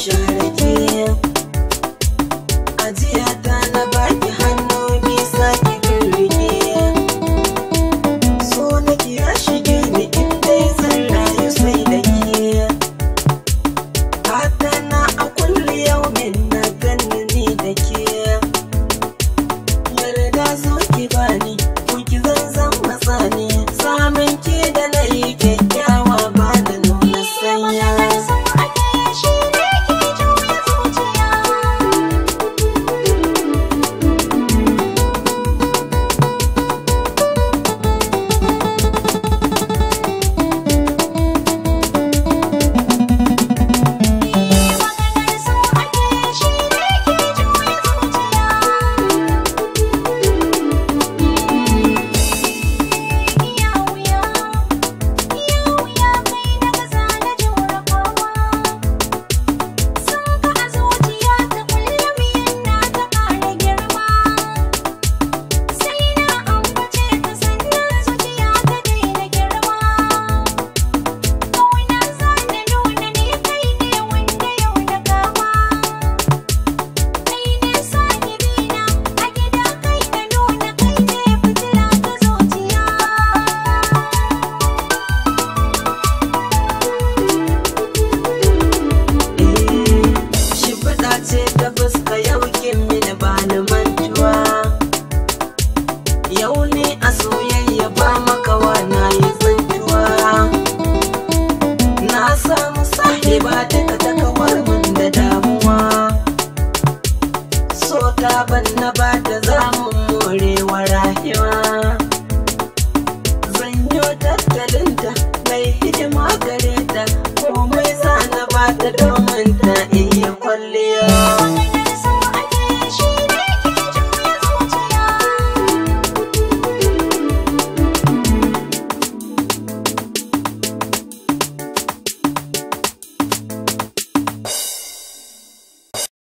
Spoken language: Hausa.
shahararki ajiya ta na baki hannu ki sake kirki so na ki ya shige in dai zan rayu sai da ki fata na a kulli yau min na ganni da ke yarda zo ki bani ko ki zan zan matsani sabon na bata za mu morewa rayuwa zanyo tattalinta mai hidima gare ta komai sa na bata domin ta iya kwalliya